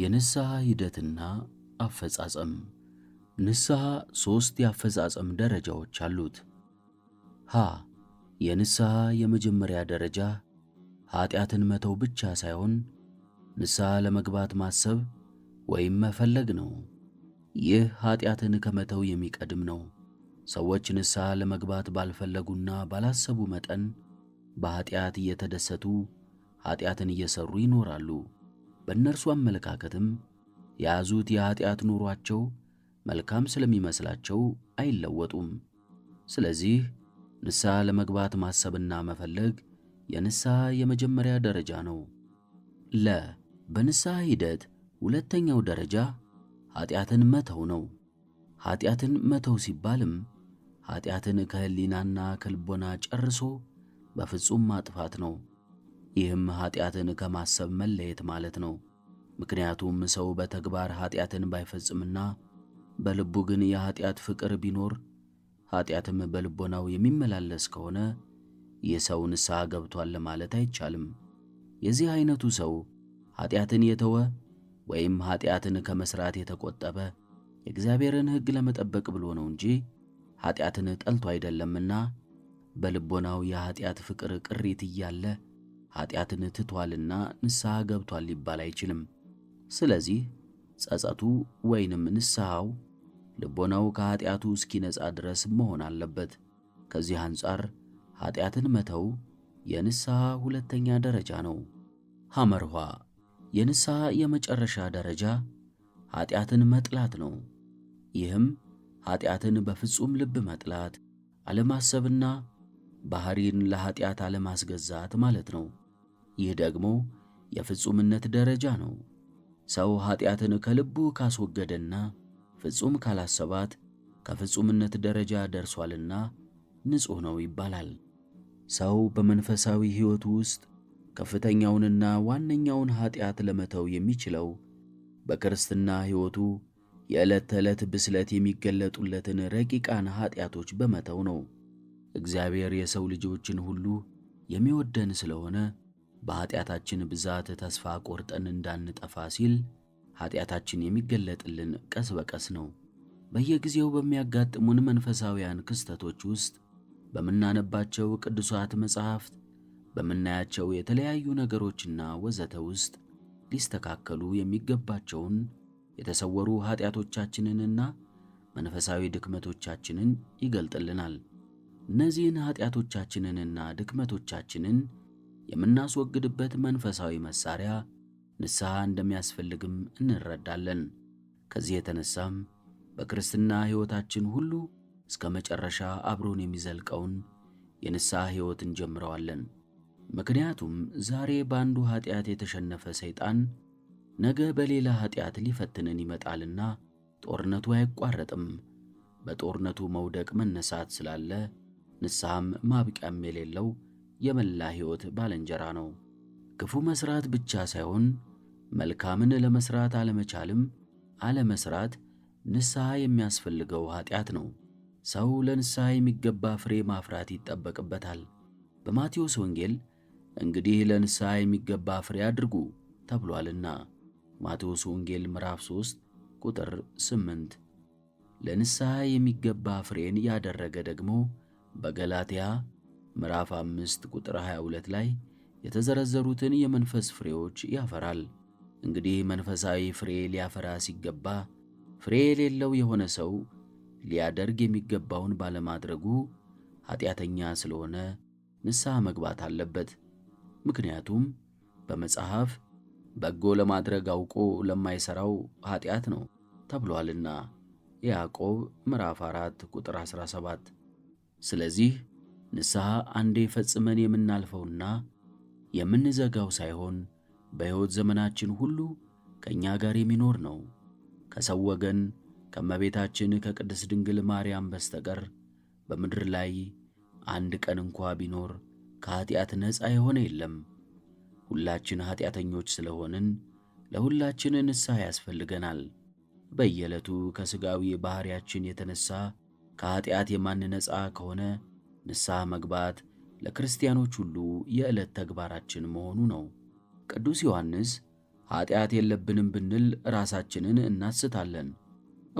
የንስሐ ሂደትና አፈጻጸም ንስሐ ሦስት የአፈጻጸም ደረጃዎች አሉት። ሀ የንስሐ የመጀመሪያ ደረጃ ኀጢአትን መተው ብቻ ሳይሆን ንስሐ ለመግባት ማሰብ ወይም መፈለግ ነው። ይህ ኀጢአትን ከመተው የሚቀድም ነው። ሰዎች ንስሐ ለመግባት ባልፈለጉና ባላሰቡ መጠን በኀጢአት እየተደሰቱ ኀጢአትን እየሠሩ ይኖራሉ። በእነርሱ አመለካከትም የያዙት የኀጢአት ኑሯቸው መልካም ስለሚመስላቸው አይለወጡም። ስለዚህ ንስሐ ለመግባት ማሰብና መፈለግ የንስሐ የመጀመሪያ ደረጃ ነው። ለ በንስሐ ሂደት ሁለተኛው ደረጃ ኀጢአትን መተው ነው። ኀጢአትን መተው ሲባልም ኀጢአትን ከህሊናና ከልቦና ጨርሶ በፍጹም ማጥፋት ነው። ይህም ኃጢአትን ከማሰብ መለየት ማለት ነው። ምክንያቱም ሰው በተግባር ኃጢአትን ባይፈጽምና በልቡ ግን የኃጢአት ፍቅር ቢኖር ኃጢአትም በልቦናው የሚመላለስ ከሆነ የሰው ንስሐ ገብቷል ማለት አይቻልም። የዚህ አይነቱ ሰው ኃጢአትን የተወ ወይም ኃጢአትን ከመስራት የተቆጠበ የእግዚአብሔርን ሕግ ለመጠበቅ ብሎ ነው እንጂ ኃጢአትን ጠልቶ አይደለምና በልቦናው የኃጢአት ፍቅር ቅሪት እያለ ኃጢአትን ትቷልና ንስሐ ገብቷል ሊባል አይችልም። ስለዚህ ጸጸቱ ወይንም ንስሐው ልቦናው ከኃጢአቱ እስኪነጻ ድረስ መሆን አለበት። ከዚህ አንጻር ኃጢአትን መተው የንስሐ ሁለተኛ ደረጃ ነው። ሐመርኋ የንስሐ የመጨረሻ ደረጃ ኃጢአትን መጥላት ነው። ይህም ኃጢአትን በፍጹም ልብ መጥላት፣ አለማሰብና ባህሪን ለኃጢአት አለማስገዛት ማለት ነው። ይህ ደግሞ የፍጹምነት ደረጃ ነው። ሰው ኃጢአትን ከልቡ ካስወገደና ፍጹም ካላሰባት ከፍጹምነት ደረጃ ደርሷልና ንጹሕ ነው ይባላል። ሰው በመንፈሳዊ ሕይወቱ ውስጥ ከፍተኛውንና ዋነኛውን ኃጢአት ለመተው የሚችለው በክርስትና ሕይወቱ የዕለት ተዕለት ብስለት የሚገለጡለትን ረቂቃን ኃጢአቶች በመተው ነው። እግዚአብሔር የሰው ልጆችን ሁሉ የሚወደን ስለሆነ በኃጢአታችን ብዛት ተስፋ ቆርጠን እንዳንጠፋ ሲል ኃጢአታችን የሚገለጥልን ቀስ በቀስ ነው። በየጊዜው በሚያጋጥሙን መንፈሳዊያን ክስተቶች ውስጥ፣ በምናነባቸው ቅዱሳት መጻሕፍት፣ በምናያቸው የተለያዩ ነገሮችና ወዘተ ውስጥ ሊስተካከሉ የሚገባቸውን የተሰወሩ ኃጢአቶቻችንንና መንፈሳዊ ድክመቶቻችንን ይገልጥልናል። እነዚህን ኃጢአቶቻችንንና ድክመቶቻችንን የምናስወግድበት መንፈሳዊ መሳሪያ ንስሐ እንደሚያስፈልግም እንረዳለን። ከዚህ የተነሳም በክርስትና ሕይወታችን ሁሉ እስከ መጨረሻ አብሮን የሚዘልቀውን የንስሐ ሕይወት እንጀምረዋለን። ምክንያቱም ዛሬ በአንዱ ኃጢአት የተሸነፈ ሰይጣን ነገ በሌላ ኃጢአት ሊፈትንን ይመጣልና ጦርነቱ አይቋረጥም። በጦርነቱ መውደቅ መነሳት ስላለ ንስሐም ማብቂያም የሌለው የመላ ሕይወት ባልንጀራ ነው። ክፉ መሥራት ብቻ ሳይሆን መልካምን ለመሥራት አለመቻልም አለመሥራት ንስሐ የሚያስፈልገው ኀጢአት ነው። ሰው ለንስሐ የሚገባ ፍሬ ማፍራት ይጠበቅበታል። በማቴዎስ ወንጌል እንግዲህ ለንስሐ የሚገባ ፍሬ አድርጉ ተብሏልና ማቴዎስ ወንጌል ምዕራፍ 3 ቁጥር 8። ለንስሐ የሚገባ ፍሬን ያደረገ ደግሞ በገላትያ ምዕራፍ 5 ቁጥር 22 ላይ የተዘረዘሩትን የመንፈስ ፍሬዎች ያፈራል። እንግዲህ መንፈሳዊ ፍሬ ሊያፈራ ሲገባ ፍሬ የሌለው የሆነ ሰው ሊያደርግ የሚገባውን ባለማድረጉ ኃጢአተኛ ስለሆነ ንስሐ መግባት አለበት። ምክንያቱም በመጽሐፍ በጎ ለማድረግ አውቆ ለማይሠራው ኃጢአት ነው ተብሏልና፣ ያዕቆብ ምዕራፍ 4 ቁጥር 17 ስለዚህ ንስሐ አንዴ ፈጽመን የምናልፈውና የምንዘጋው ሳይሆን በሕይወት ዘመናችን ሁሉ ከእኛ ጋር የሚኖር ነው። ከሰው ወገን ከመቤታችን ከቅድስት ድንግል ማርያም በስተቀር በምድር ላይ አንድ ቀን እንኳ ቢኖር ከኀጢአት ነፃ የሆነ የለም። ሁላችን ኀጢአተኞች ስለሆንን ለሁላችን ንስሐ ያስፈልገናል። በየዕለቱ ከሥጋዊ ባሕርያችን የተነሣ ከኃጢአት የማንነጻ ከሆነ ንስሐ መግባት ለክርስቲያኖች ሁሉ የዕለት ተግባራችን መሆኑ ነው። ቅዱስ ዮሐንስ ኃጢአት የለብንም ብንል ራሳችንን እናስታለን፣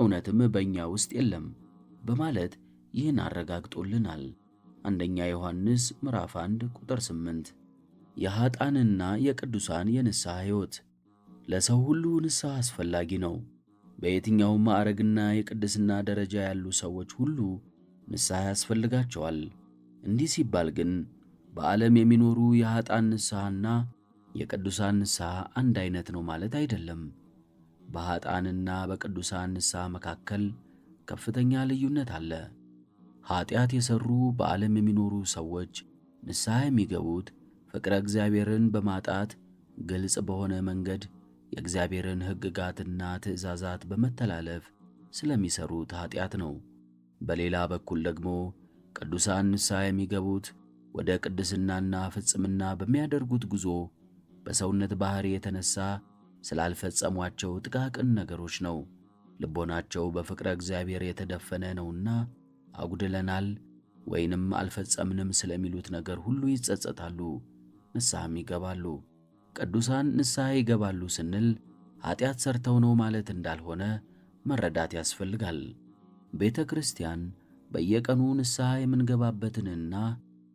እውነትም በእኛ ውስጥ የለም በማለት ይህን አረጋግጦልናል። አንደኛ ዮሐንስ ምዕራፍ 1 ቁጥር 8። የኃጣንና የቅዱሳን የንስሐ ሕይወት ለሰው ሁሉ ንስሐ አስፈላጊ ነው። በየትኛውም ማዕረግና የቅድስና ደረጃ ያሉ ሰዎች ሁሉ ንስሐ ያስፈልጋቸዋል። እንዲህ ሲባል ግን በዓለም የሚኖሩ የኀጣን ንስሐና የቅዱሳን ንስሐ አንድ ዓይነት ነው ማለት አይደለም። በኀጣንና በቅዱሳን ንስሐ መካከል ከፍተኛ ልዩነት አለ። ኀጢአት የሠሩ በዓለም የሚኖሩ ሰዎች ንስሐ የሚገቡት ፍቅረ እግዚአብሔርን በማጣት ግልጽ በሆነ መንገድ የእግዚአብሔርን ሕግጋትና ትእዛዛት በመተላለፍ ስለሚሠሩት ኀጢአት ነው። በሌላ በኩል ደግሞ ቅዱሳን ንስሐ የሚገቡት ወደ ቅድስናና ፍጽምና በሚያደርጉት ጉዞ በሰውነት ባሕሪ የተነሣ ስላልፈጸሟቸው ጥቃቅን ነገሮች ነው። ልቦናቸው በፍቅረ እግዚአብሔር የተደፈነ ነውና አጉድለናል ወይንም አልፈጸምንም ስለሚሉት ነገር ሁሉ ይጸጸታሉ፣ ንስሐም ይገባሉ። ቅዱሳን ንስሐ ይገባሉ ስንል ኀጢአት ሠርተው ነው ማለት እንዳልሆነ መረዳት ያስፈልጋል። ቤተ ክርስቲያን በየቀኑ ንስሐ የምንገባበትንና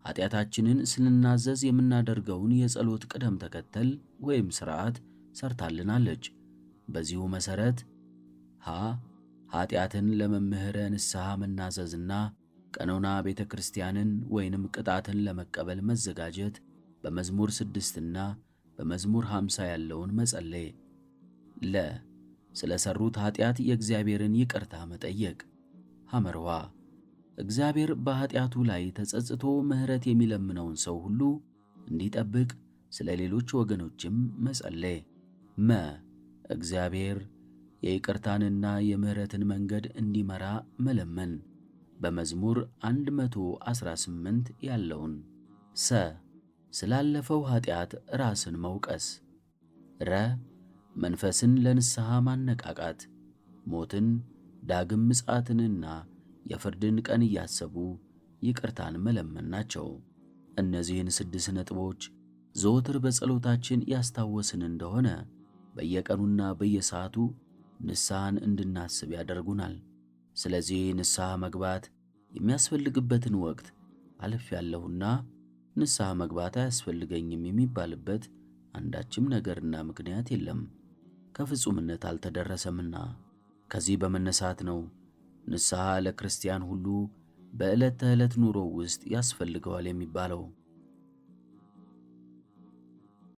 ኀጢአታችንን ስንናዘዝ የምናደርገውን የጸሎት ቅደም ተከተል ወይም ሥርዓት ሰርታልናለች። በዚሁ መሠረት ሀ ኀጢአትን ለመምህረ ንስሐ መናዘዝና ቀኖና ቤተ ክርስቲያንን ወይንም ቅጣትን ለመቀበል መዘጋጀት በመዝሙር ስድስትና በመዝሙር 50 ያለውን መጸለይ፣ ለ ስለ ሠሩት ኀጢአት የእግዚአብሔርን ይቅርታ መጠየቅ። ሐመርዋ እግዚአብሔር በኀጢአቱ ላይ ተጸጽቶ ምሕረት የሚለምነውን ሰው ሁሉ እንዲጠብቅ ስለ ሌሎች ወገኖችም መጸለይ። መ እግዚአብሔር የይቅርታንና የምሕረትን መንገድ እንዲመራ መለመን በመዝሙር 118 ያለውን። ሰ ስላለፈው ኃጢአት ራስን መውቀስ። ረ መንፈስን ለንስሐ ማነቃቃት፣ ሞትን ዳግም ምጽአትንና የፍርድን ቀን እያሰቡ ይቅርታን መለመን ናቸው። እነዚህን ስድስት ነጥቦች ዘወትር በጸሎታችን ያስታወስን እንደሆነ በየቀኑና በየሰዓቱ ንስሐን እንድናስብ ያደርጉናል። ስለዚህ ንስሐ መግባት የሚያስፈልግበትን ወቅት ያለሁና። ንስሐ መግባት አያስፈልገኝም የሚባልበት አንዳችም ነገርና ምክንያት የለም። ከፍጹምነት አልተደረሰምና ከዚህ በመነሳት ነው ንስሐ ለክርስቲያን ሁሉ በዕለት ተዕለት ኑሮ ውስጥ ያስፈልገዋል የሚባለው።